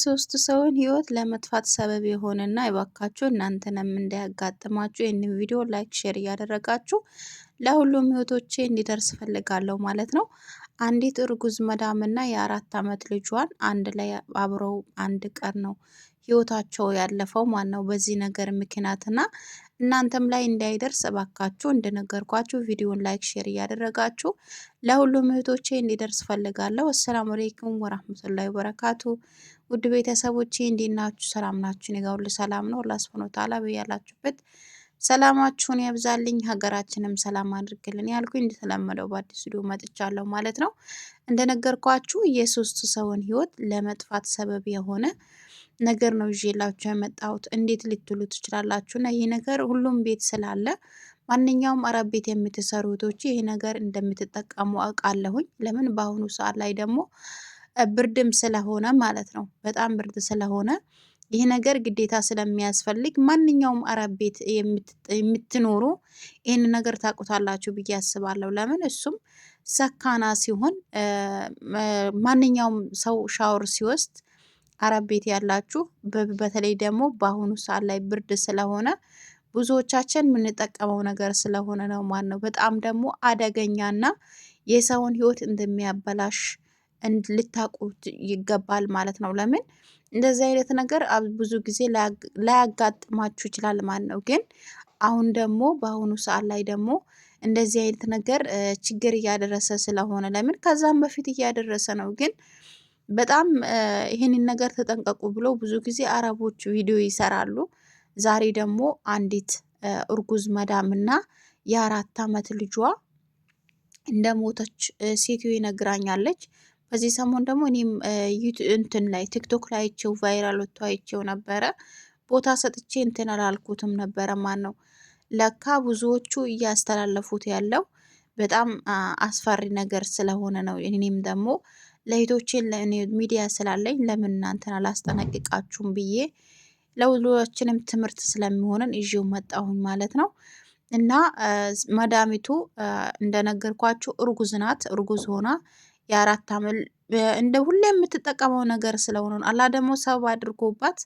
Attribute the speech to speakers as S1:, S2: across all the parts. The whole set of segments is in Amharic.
S1: ሶስት ሰውን ህይወት ለመጥፋት ሰበብ የሆነና እባካችሁ እናንተንም እንዳያጋጥማችሁ ይህንን ቪዲዮ ላይክ፣ ሼር እያደረጋችሁ ለሁሉም ህይወቶቼ እንዲደርስ ፈልጋለሁ ማለት ነው። አንዲት እርጉዝ መዳምና የአራት ዓመት ልጇን አንድ ላይ አብረው አንድ ቀን ነው ህይወታቸው ያለፈው ማለት ነው በዚህ ነገር ምክንያትና እናንተም ላይ እንዳይደርስ እባካችሁ እንደነገርኳችሁ ቪዲዮን ላይክ ሼር እያደረጋችሁ ለሁሉም እህቶቼ እንዲደርስ ፈልጋለሁ። አሰላሙ አሌይኩም ወራህመቱላሂ ወበረካቱ ውድ ቤተሰቦቼ እንዴት ናችሁ? ሰላም ናችሁ? እኔ ጋር ሁሉ ሰላም ነው። አላህ ሱብሐነሁ ወተዓላ በያላችሁበት ሰላማችሁን ያብዛልኝ፣ ሀገራችንም ሰላም አድርግልን ያልኩኝ እንደተለመደው በአዲስ ቪዲዮ መጥቻለሁ ማለት ነው። እንደነገርኳችሁ የሶስት ሰውን ህይወት ለመጥፋት ሰበብ የሆነ ነገር ነው ይዤላችሁ የመጣሁት። እንዴት ልትሉ ትችላላችሁ? እና ይህ ነገር ሁሉም ቤት ስላለ ማንኛውም አረብ ቤት የምትሰሩ እህቶች ይህ ነገር እንደምትጠቀሙ አውቃለሁኝ። ለምን በአሁኑ ሰዓት ላይ ደግሞ ብርድም ስለሆነ ማለት ነው። በጣም ብርድ ስለሆነ ይህ ነገር ግዴታ ስለሚያስፈልግ ማንኛውም አረብ ቤት የምትኖሩ ይህን ነገር ታውቁታላችሁ ብዬ አስባለሁ። ለምን እሱም ሰካና ሲሆን ማንኛውም ሰው ሻወር ሲወስድ አረብ ቤት ያላችሁ በተለይ ደግሞ በአሁኑ ሰዓት ላይ ብርድ ስለሆነ ብዙዎቻችን የምንጠቀመው ነገር ስለሆነ ነው ማለት ነው። በጣም ደግሞ አደገኛና የሰውን ሕይወት እንደሚያበላሽ ልታቁ ይገባል ማለት ነው። ለምን እንደዚህ አይነት ነገር ብዙ ጊዜ ላያጋጥማችሁ ይችላል ማለት ነው። ግን አሁን ደግሞ በአሁኑ ሰዓት ላይ ደግሞ እንደዚህ አይነት ነገር ችግር እያደረሰ ስለሆነ ለምን ከዛም በፊት እያደረሰ ነው ግን በጣም ይህንን ነገር ተጠንቀቁ ብሎ ብዙ ጊዜ አረቦች ቪዲዮ ይሰራሉ። ዛሬ ደግሞ አንዲት እርጉዝ መዳምና የአራት አመት ልጇ እንደሞተች ሴትዮ ይነግራኛለች። በዚህ ሰሞን ደግሞ እኔም እንትን ላይ ቲክቶክ ላይ አይቼው ቫይራል ወጥቶ አይቼው ነበረ። ቦታ ሰጥቼ እንትን አላልኩትም ነበረ። ማን ነው ለካ ብዙዎቹ እያስተላለፉት ያለው በጣም አስፈሪ ነገር ስለሆነ ነው። እኔም ደግሞ ለእኔ ሚዲያ ስላለኝ ለምን እናንተን አላስጠነቅቃችሁም ብዬ ለውሎችንም ትምህርት ስለሚሆንን ይዤው መጣሁን ማለት ነው። እና መዳሚቱ እንደነገርኳችሁ እርጉዝ ናት። እርጉዝ ሆና የአራት አመት እንደ ሁሌ የምትጠቀመው ነገር ስለሆነ አላ ደግሞ ሰበብ አድርጎባት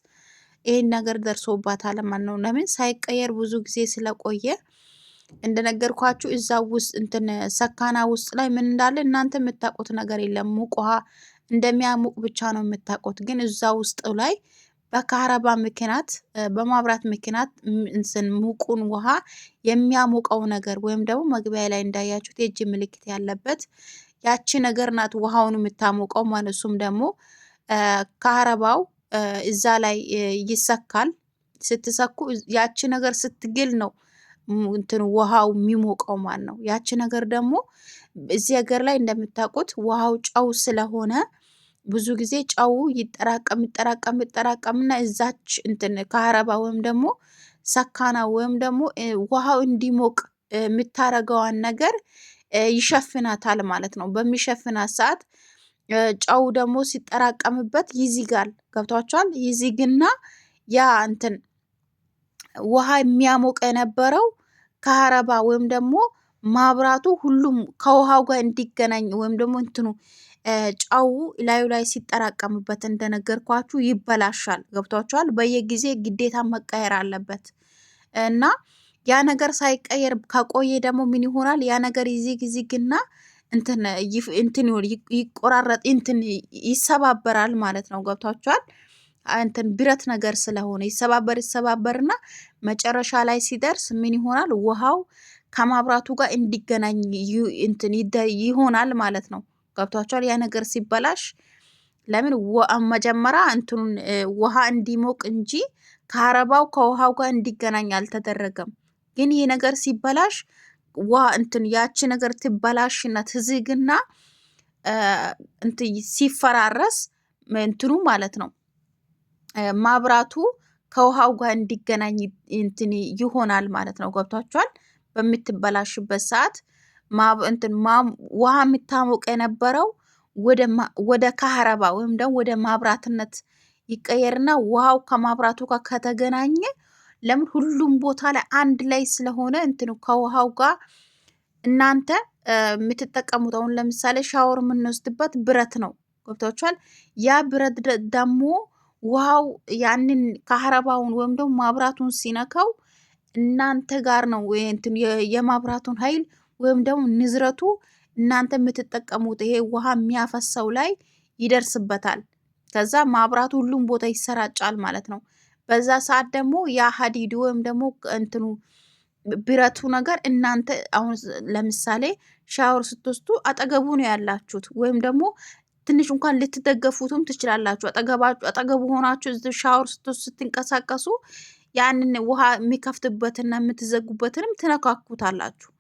S1: ይህን ነገር ደርሶባት ማለት ነው። ለምን ሳይቀየር ብዙ ጊዜ ስለቆየ እንደነገርኳችሁ እዛ ውስጥ እንትን ሰካና ውስጥ ላይ ምን እንዳለ እናንተ የምታውቁት ነገር የለም። ሙቅ ውሃ እንደሚያሙቅ ብቻ ነው የምታውቁት። ግን እዛ ውስጥ ላይ በካረባ ምክንያት በማብራት ምክንያት እንትን ሙቁን ውሃ የሚያሞቀው ነገር ወይም ደግሞ መግቢያ ላይ እንዳያችሁት የእጅ ምልክት ያለበት ያቺ ነገር ናት ውሃውን የምታሞቀው ማለት እሱም ደግሞ ከአረባው እዛ ላይ ይሰካል። ስትሰኩ ያቺ ነገር ስትግል ነው እንትን ውሃው የሚሞቀው ማለት ነው። ያቺ ነገር ደግሞ እዚህ ሀገር ላይ እንደምታውቁት ውሃው ጨው ስለሆነ ብዙ ጊዜ ጨው ይጠራቀም ይጠራቀም ይጠራቀምና እዛች እንትን ከአረባ ወይም ደግሞ ሰካና ወይም ደግሞ ውሃው እንዲሞቅ የምታረገዋን ነገር ይሸፍናታል ማለት ነው። በሚሸፍናት ሰዓት ጨው ደግሞ ሲጠራቀምበት ይዚጋል። ገብቷቸዋል። ይዚግና ያ እንትን ውሃ የሚያሞቅ የነበረው ከሀረባ ወይም ደግሞ ማብራቱ ሁሉም ከውሃው ጋር እንዲገናኝ ወይም ደግሞ እንትኑ ጨው ላዩ ላይ ሲጠራቀምበት እንደነገርኳችሁ ይበላሻል። ገብቷችኋል? በየጊዜ ግዴታ መቀየር አለበት እና ያ ነገር ሳይቀየር ከቆየ ደግሞ ምን ይሆናል? ያ ነገር ይዚግ ዚግና እንትን ይቆራረጥ እንትን ይሰባበራል ማለት ነው። ገብቷችኋል? እንትን ብረት ነገር ስለሆነ ይሰባበር ይሰባበርና መጨረሻ ላይ ሲደርስ ምን ይሆናል? ውሃው ከማብራቱ ጋር እንዲገናኝ እንትን ይሆናል ማለት ነው። ገብቷችኋል? ያ ነገር ሲበላሽ ለምን መጀመሪያ እንትኑን ውሃ እንዲሞቅ እንጂ ከአረባው ከውሃው ጋር እንዲገናኝ አልተደረገም። ግን ይሄ ነገር ሲበላሽ ዋ እንትን ያቺ ነገር ትበላሽና ትዝግና እንት ሲፈራረስ እንትኑ ማለት ነው ማብራቱ ከውሃው ጋር እንዲገናኝ እንትን ይሆናል ማለት ነው። ገብቷችኋል? በምትበላሽበት ሰዓት ውሃ የምታሞቅ የነበረው ወደ ካህረባ ወይም ደግሞ ወደ ማብራትነት ይቀየርና ውሃው ከማብራቱ ጋር ከተገናኘ ለምን ሁሉም ቦታ ላይ አንድ ላይ ስለሆነ እንትኑ ከውሃው ጋር እናንተ የምትጠቀሙት አሁን ለምሳሌ ሻወር የምንወስድበት ብረት ነው። ገብታችኋል? ያ ብረት ደግሞ ውሃው ያንን ከሀረባውን ወይም ደግሞ ማብራቱን ሲነካው እናንተ ጋር ነው የማብራቱን ኃይል ወይም ደግሞ ንዝረቱ እናንተ የምትጠቀሙት ይሄ ውሃ የሚያፈሰው ላይ ይደርስበታል። ከዛ ማብራቱ ሁሉም ቦታ ይሰራጫል ማለት ነው። በዛ ሰዓት ደግሞ ያ ሀዲድ ወይም ደግሞ እንትኑ ብረቱ ነገር እናንተ አሁን ለምሳሌ ሻወር ስትወስዱ አጠገቡ ነው ያላችሁት ወይም ደግሞ ትንሽ እንኳን ልትደገፉትም ትችላላችሁ። አጠገባችሁ አጠገቡ ሆናችሁ ሻወር ስትወስዱ ስትንቀሳቀሱ ያንን ውሃ የሚከፍትበትና የምትዘጉበትንም ትነካኩታላችሁ።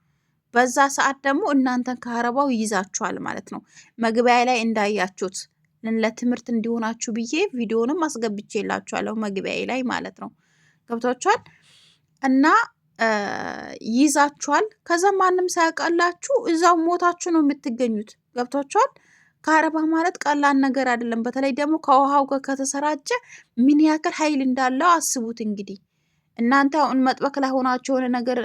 S1: በዛ ሰዓት ደግሞ እናንተን ከአረባው ይይዛችኋል ማለት ነው። መግቢያ ላይ እንዳያችሁት ለትምህርት እንዲሆናችሁ ብዬ ቪዲዮንም አስገብቼላችኋለሁ መግቢያዬ ላይ ማለት ነው። ገብቷችኋል እና ይይዛችኋል። ከዛ ማንም ሳያውቃላችሁ እዛው ሞታችሁ ነው የምትገኙት። ገብቷችኋል። ከአረባ ማለት ቀላል ነገር አይደለም። በተለይ ደግሞ ከውሃው ጋር ከተሰራጨ ምን ያክል ኃይል እንዳለው አስቡት እንግዲህ እናንተ አሁን መጥበቅ ላይ ሆናችሁ የሆነ ነገር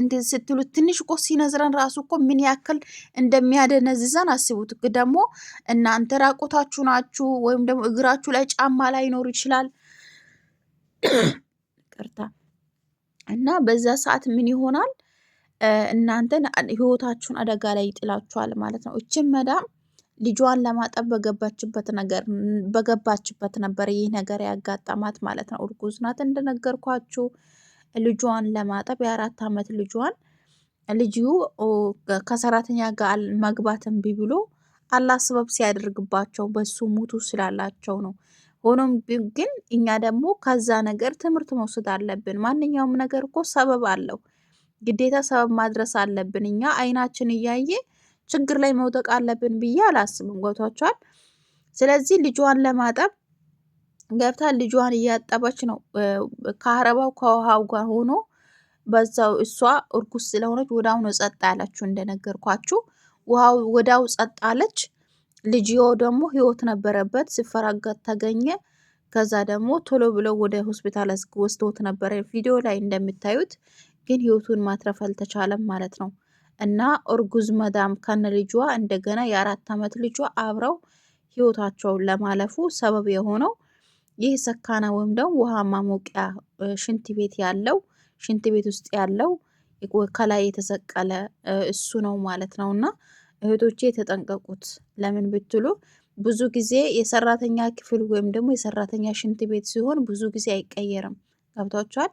S1: እንዴት ስትሉ ትንሽ እኮ ሲነዝረን ራሱ እኮ ምን ያክል እንደሚያደነዝዘን አስቡት። ደግሞ እናንተ ራቆታችሁ ናችሁ፣ ወይም ደግሞ እግራችሁ ላይ ጫማ ላይኖር ይችላል። ቅርታ እና በዛ ሰዓት ምን ይሆናል? እናንተን ህይወታችሁን አደጋ ላይ ይጥላችኋል ማለት ነው። እችን መዳም ልጇን ለማጠብ በገባችበት ነገር በገባችበት ነበር ይህ ነገር ያጋጠማት ማለት ነው። እርጉዝ ናት እንደነገርኳችሁ። ልጇን ለማጠብ የአራት ዓመት ልጇን ልጁ ከሰራተኛ ጋር መግባት እምቢ ብሎ አላስበብ ሲያደርግባቸው በሱ ሙቱ ስላላቸው ነው። ሆኖም ግን እኛ ደግሞ ከዛ ነገር ትምህርት መውሰድ አለብን። ማንኛውም ነገር እኮ ሰበብ አለው። ግዴታ ሰበብ ማድረስ አለብን። እኛ አይናችን እያየ ችግር ላይ መውደቅ አለብን ብዬ አላስብም። ጎቷቸዋል። ስለዚህ ልጇን ለማጠብ ገብታ ልጇን እያጠበች ነው። ከአረባው ከውሃው ጋር ሆኖ በዛው እሷ እርጉዝ ስለሆነች ወዳው ነው ጸጥ ያላችሁ እንደነገርኳችሁ። ውሃው ወዳው ጸጥ አለች። ልጅዮ ደግሞ ህይወት ነበረበት ሲፈራገጥ ተገኘ። ከዛ ደግሞ ቶሎ ብሎ ወደ ሆስፒታል ወስዶት ነበረ። ቪዲዮ ላይ እንደምታዩት ግን ህይወቱን ማትረፍ አልተቻለም ማለት ነው። እና እርጉዝ መዳም ከነ ልጇ እንደገና የአራት ዓመት ልጇ አብረው ህይወታቸውን ለማለፉ ሰበብ የሆነው ይህ ሰካና ወይም ደግሞ ውሃ ማሞቂያ ሽንት ቤት ያለው ሽንት ቤት ውስጥ ያለው ከላይ የተሰቀለ እሱ ነው ማለት ነው። እና እህቶቼ የተጠንቀቁት ለምን ብትሉ ብዙ ጊዜ የሰራተኛ ክፍል ወይም ደግሞ የሰራተኛ ሽንት ቤት ሲሆን ብዙ ጊዜ አይቀየርም። ገብቷችኋል?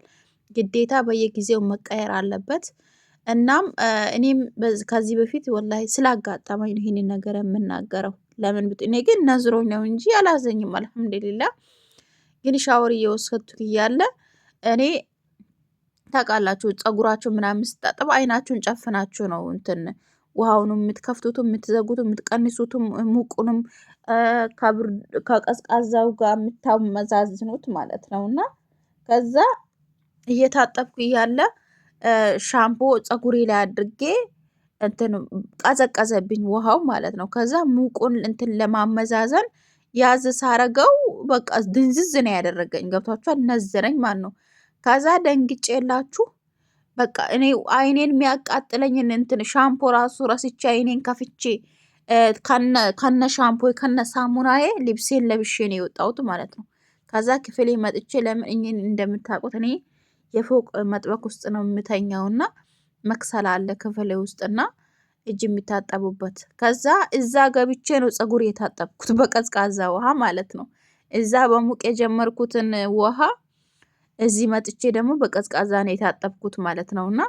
S1: ግዴታ በየጊዜው መቀየር አለበት። እናም እኔም ከዚህ በፊት ወላሂ ስላጋጠመኝ ይህንን ነገር የምናገረው። ለምን ብት እኔ ግን ነዝሮኝ ነው እንጂ አላዘኝም። አልሐምዱሊላ ግን ሻወር እየወሰድኩ እያለ እኔ ታውቃላችሁ ጸጉራችሁ ምናምን ስታጠብ አይናችሁን ጨፍናችሁ ነው እንትን ውሃውንም የምትከፍቱትም የምትዘጉትም የምትቀንሱትም ሙቁንም ከቀዝቃዛው ጋር የምታመዛዝኑት ማለት ነው። እና ከዛ እየታጠብኩ እያለ ሻምፖ ጸጉሬ ላይ አድርጌ እንትን ቀዘቀዘብኝ ውሃው ማለት ነው። ከዛ ሙቁን እንትን ለማመዛዘን ያዝ ሳረገው በቃ ድንዝዝ ነው ያደረገኝ። ገብቷችኋል? ነዘረኝ ማለት ነው። ከዛ ደንግጬ የላችሁ በቃ እኔ አይኔን የሚያቃጥለኝ እንትን ሻምፖ ራሱ ረስቼ አይኔን ከፍቼ ከነ ሻምፖ ከነ ሳሙናዬ ልብሴን ለብሼ ነው የወጣሁት ማለት ነው። ከዛ ክፍሌ መጥቼ ለምን እኝን እንደምታውቁት እኔ የፎቅ መጥበቅ ውስጥ ነው የምተኛውና መክሰል አለ ክፍሌ ውስጥና እጅ የሚታጠቡበት። ከዛ እዛ ገብቼ ነው ፀጉር የታጠብኩት በቀዝቃዛ ውሃ ማለት ነው። እዛ በሙቅ የጀመርኩትን ውሃ እዚህ መጥቼ ደግሞ በቀዝቃዛ ነው የታጠብኩት ማለት ነው። እና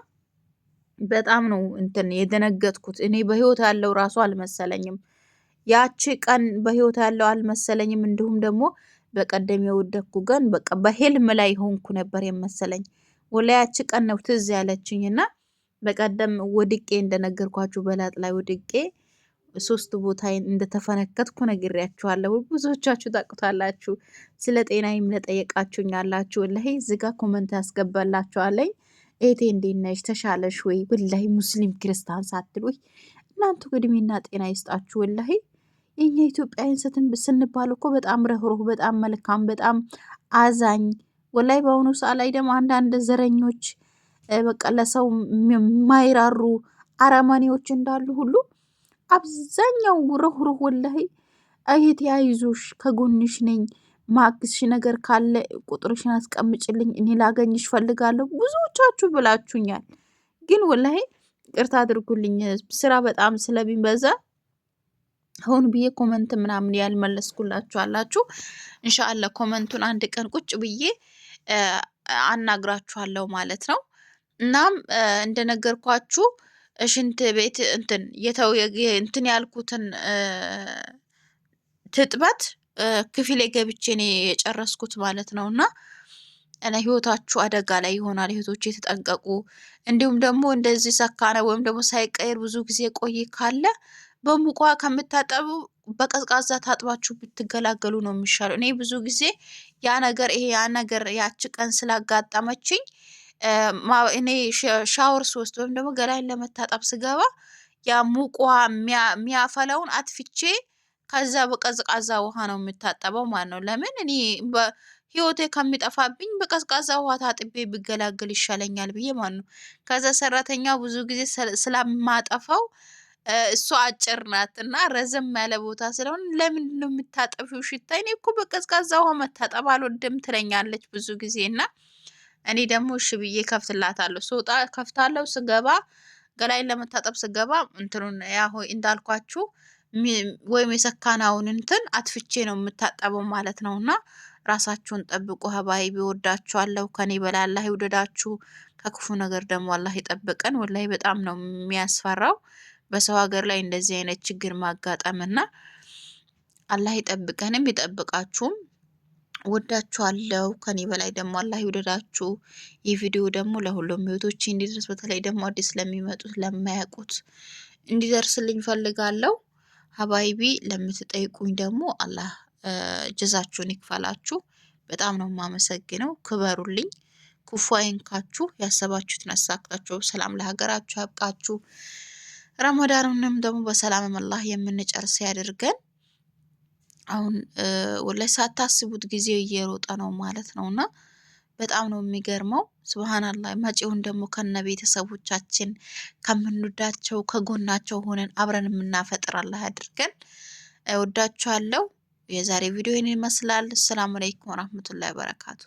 S1: በጣም ነው እንትን የደነገጥኩት። እኔ በህይወት ያለው ራሱ አልመሰለኝም። ያቺ ቀን በህይወት ያለው አልመሰለኝም። እንዲሁም ደግሞ በቀደም የወደኩ ቀን በቃ በህልም ላይ ሆንኩ ነበር የመሰለኝ። ወላያቺ ቀን ነው ትዝ ያለችኝ እና በቀደም ወድቄ እንደነገርኳችሁ በላጥ ላይ ወድቄ ሶስት ቦታ እንደተፈነከትኩ ነግሬያችኋለሁ። ብዙዎቻችሁ ታቁታላችሁ። ስለ ጤናዬም ለጠየቃችሁኝ አላችሁ። ወላሂ እዚጋ ኮመንት ያስገባላችኋለኝ። ኤቴ እንዴት ነሽ? ተሻለሽ ወይ? ወላሂ ሙስሊም ክርስቲያን ሳትል ወይ እናንተ እድሜና ጤና ይስጣችሁ። ወላሂ የኛ ኢትዮጵያዊ ስንባል እኮ በጣም ረህሩህ፣ በጣም መልካም፣ በጣም አዛኝ ወላይ በአሁኑ ሰዓት ላይ ደግሞ አንዳንድ ዘረኞች በቃ ለሰው የማይራሩ አረመኔዎች እንዳሉ ሁሉ አብዛኛው ሩህሩህ ወላሂ እህት ያይዞሽ፣ ከጎንሽ ነኝ፣ ማግዝሽ ነገር ካለ ቁጥርሽን አስቀምጭልኝ፣ እኔ ላገኝሽ ፈልጋለሁ ብዙዎቻችሁ ብላችሁኛል። ግን ወላሂ ቅርታ አድርጉልኝ ስራ በጣም ስለሚበዛ አሁን ብዬ ኮመንት ምናምን ያልመለስኩላችሁ አላችሁ። እንሻአላ ኮመንቱን አንድ ቀን ቁጭ ብዬ አናግራችኋለሁ ማለት ነው። እናም እንደነገርኳችሁ ሽንት ቤት እንትን የተው እንትን ያልኩትን ትጥበት ክፍሌ ገብቼ እኔ የጨረስኩት ማለት ነው እና እና ህይወታችሁ አደጋ ላይ ይሆናል። ህይወቶች የተጠንቀቁ። እንዲሁም ደግሞ እንደዚህ ሰካነ ወይም ደግሞ ሳይቀየር ብዙ ጊዜ ቆይ ካለ በሙቋ ከምታጠቡ በቀዝቃዛ ታጥባችሁ ብትገላገሉ ነው የሚሻለው። እኔ ብዙ ጊዜ ያ ነገር ይሄ ያ ነገር ያቺ ቀን ስላጋጠመችኝ እኔ ሻወር ሶስት ወይም ደግሞ ገላይን ለመታጠብ ስገባ ያ ሙቋ ውሃ የሚያፈላውን አጥፍቼ ከዛ በቀዝቃዛ ውሃ ነው የምታጠበው ማለት ነው። ለምን እኔ ህይወቴ ከሚጠፋብኝ በቀዝቃዛ ውሃ ታጥቤ ብገላግል ይሻለኛል ብዬ ማለት ነው። ከዛ ሰራተኛ ብዙ ጊዜ ስለማጠፋው እሷ አጭር ናት እና ረዘም ያለ ቦታ ስለሆነ ለምንድን ነው የምታጠፊው ሽታ እኔ እኮ በቀዝቃዛ ውሃ መታጠብ አልወድም ትለኛለች ብዙ ጊዜ እና እኔ ደግሞ እሺ ብዬ ከፍትላታለሁ። ስወጣ ከፍታለሁ፣ ስገባ ገላይን ለመታጠብ ስገባ እንትኑን ያ ሆይ እንዳልኳችሁ ወይም የሰካናውን እንትን አትፍቼ ነው የምታጠበው ማለት ነው። እና ራሳችሁን ጠብቁ ሀባይቢ፣ ቢወዳችኋለሁ ከኔ በላይ አላህ ይውደዳችሁ፣ ከክፉ ነገር ደግሞ አላህ ይጠብቀን። ወላ በጣም ነው የሚያስፈራው በሰው ሀገር ላይ እንደዚህ አይነት ችግር ማጋጠምና አላህ ይጠብቀንም ይጠብቃችሁም። ወዳችኋለሁ ከኔ በላይ ደግሞ አላህ ይውደዳችሁ። ይህ ቪዲዮ ደግሞ ለሁሉም ህይወቶች እንዲደርስ በተለይ ደግሞ አዲስ ለሚመጡት ለማያውቁት እንዲደርስልኝ ፈልጋለሁ። ሀባይቢ ለምትጠይቁኝ ደግሞ አላህ ጀዛችሁን ይክፈላችሁ። በጣም ነው የማመሰግነው። ክበሩልኝ፣ ክፉ አይንካችሁ፣ ያሰባችሁትን አሳክታችሁ ሰላም ለሀገራችሁ ያብቃችሁ። ረመዳኑንም ደግሞ በሰላም አላህ የምንጨርስ ያድርገን። አሁን ወላሂ ሳታስቡት ጊዜ እየሮጠ ነው ማለት ነው እና በጣም ነው የሚገርመው። ስብሃናላህ መጪውን ደግሞ ከነ ቤተሰቦቻችን ከምንወዳቸው ከጎናቸው ሆነን አብረን የምናፈጥር አላህ አድርገን። እወዳችኋለሁ። የዛሬ ቪዲዮ ይህን ይመስላል። ሰላም አለይኩም ወራህመቱላሂ ወበረካቱ።